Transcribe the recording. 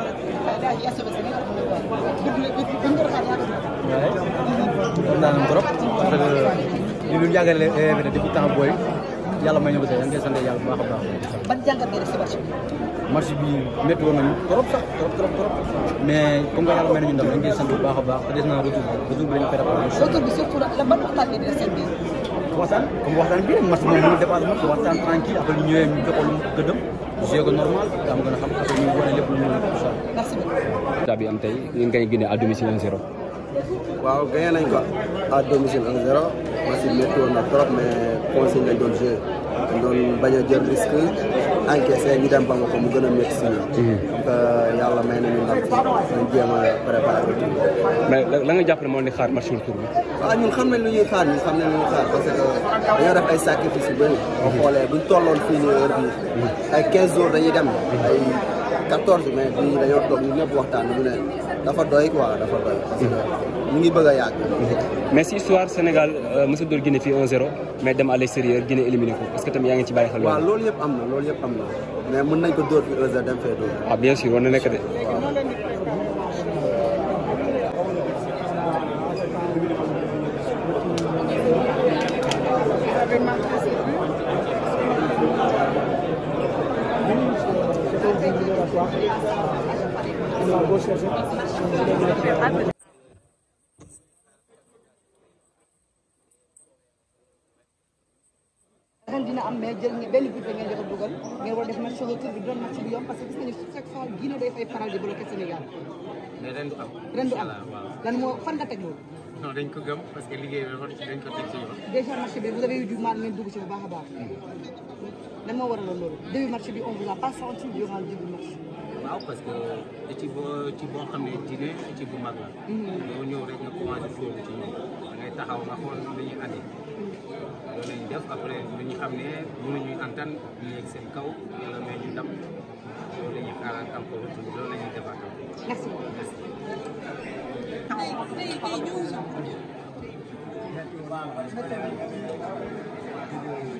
waaw naa leen trop parce que ñu jàngale EFD depuis temps booy yàlla may ñëw ba tey yàlla baax a baax. ban jàngat ngay si marché bi. marché bi métti woon nañu trop sax trop trop trop mais comme que yàlla may nañu ndam dañ koy sant bu baax a baax te des na retour retour bi dañu koy rafetlu. retour bi surtout la ban waxtaan ngeen di def seen biir. waxtaan comme waxtaan bi marché moom mënul dépassé marché waxtaan tranquille après ñu ñëwee ñu joxoon gëddëm. joué ko normal daa ma gën a xam parce que ñu wane lépp lu mu mën incha allah. merci beaucoup. état bi am tey ngeen gañ Guinée à domicile 1-0. waaw gagné nañ ko à domicile 1-0 match bi métti woon na trop mais consigne lañ doon joué dañ doon bañ a jël risque. encaissé ñu dem ba ko mu gën a métti si ñun. Hmm. Euh, yàlla may nañu ndam si ñu jéem a préparé mais la nga jàpp ne moo di xaar match tour bi. waaw ah, ñun xam nañ lu ñuy xaar ñun xam nañ lu ñuy xaar parce que dañoo def ay sacrifice yu bëri. boo hmm. xoolee buñ tolloon fii nii heure bii. Hmm. ay 15 jours dañuy dem ay. 14 mai bii dañoo toog ñu ñëpp waxtaan mu ne dafa doy quoi dafa doy. parce ngi bëgg a yàgg. Mhm. mais si histoire Sénégal euh, mos mais dem à l'extérieur Guinée éliminé ko est que tamit yaa ngi ci bàyyi xel. waaw loolu yëpp am na loolu yëpp am na mais mën nañ ko dóor fii 1 dem fee dóor. ah bien sûr war na nekk de. quoi. ren dina am mais jël ngeen benn budget ngeen joxe dugal ngeen war def match retour bi doon match bu yomb parce que gis nañu chaque fois Guinée day fay faral di bloquer Sénégal. mais ren du am. ren du am lan moo fan nga teg loolu. non dañ ko gëm parce que liggéey bi dañ ko teg ci yoon. déjà match bi vous avez eu du mal ngeen dugg ci bu baax a baax. lan moo waraloon loolu début match bi on vous a pas senti durant le début match. waaw parce que équipe équipe boo xam ne dina équipe bu mag la. doo mm-hmm. ñëw rek nga commencé fóot ci ñoom da ngay taxaw nga xool lu ñuy andi. Mm-hmm. loolu la ñuy def après lu ñu xam ne mënuñu antan ñu yegg seen kaw yàlla may ñu ndam loolu la ñuy xaaraat encore loolu la ñuy defaat. merci beaucoup merci.